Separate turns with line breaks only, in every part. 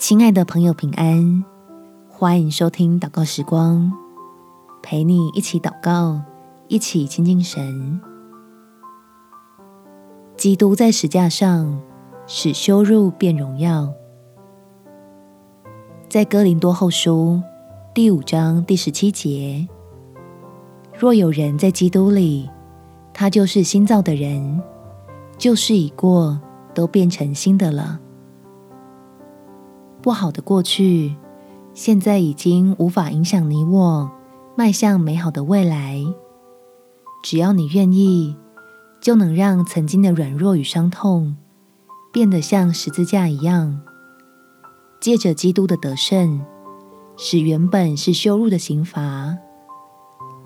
親愛的朋友，平安！歡迎收聽禱告時光，陪你一起禱告，一起親近神。基督在十架上，使羞辱變榮耀。在哥林多後書第五章第十七節：若有人在基督裡，他就是新造的人，舊事已過，都變成新的了。不好的過去，現在已經無法影響你我邁向美好的未來。只要你願意，就能讓曾經的軟弱與傷痛，變得像十字架一樣。借着基督的得勝，使原本是羞辱的刑罰，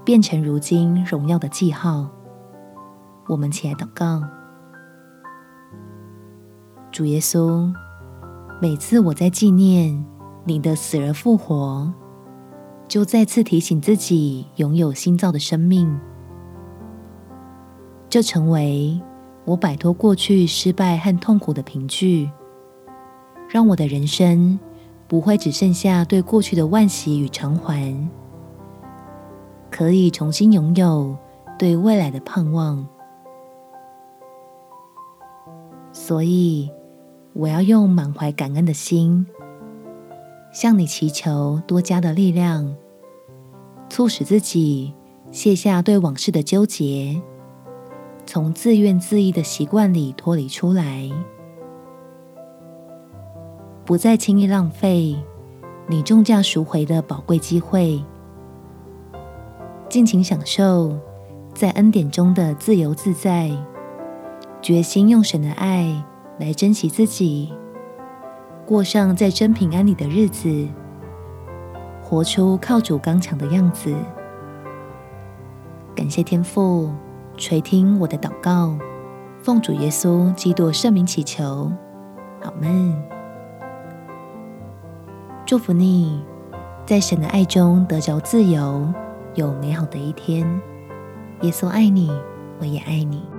變成如今榮耀的記號。我們起來禱告，主耶穌。每次我在紀念你的死而復活，就再次提醒自己擁有新造的生命，這成為我擺脫過去失敗和痛苦的憑據，讓我的人生不會只剩下對過去的惋惜與償還，可以重新擁有對未來的盼望。所以。我要用滿懷感恩的心，向你祈求多加的力量，促使自己卸下對往事的糾結，從自怨自艾的習慣裡脫離出來，不再輕易浪費你重價贖回的寶貴機會，盡情享受在恩典中的自由自在，決心用神的愛。來珍惜自己，過上在真平安裡的日子，活出靠主剛強的樣子。感謝天父，垂聽我的禱告，奉主耶穌基督聖名祈求，阿們。祝福你，在神的愛中得着自由，有美好的一天。耶穌愛你，我也愛你。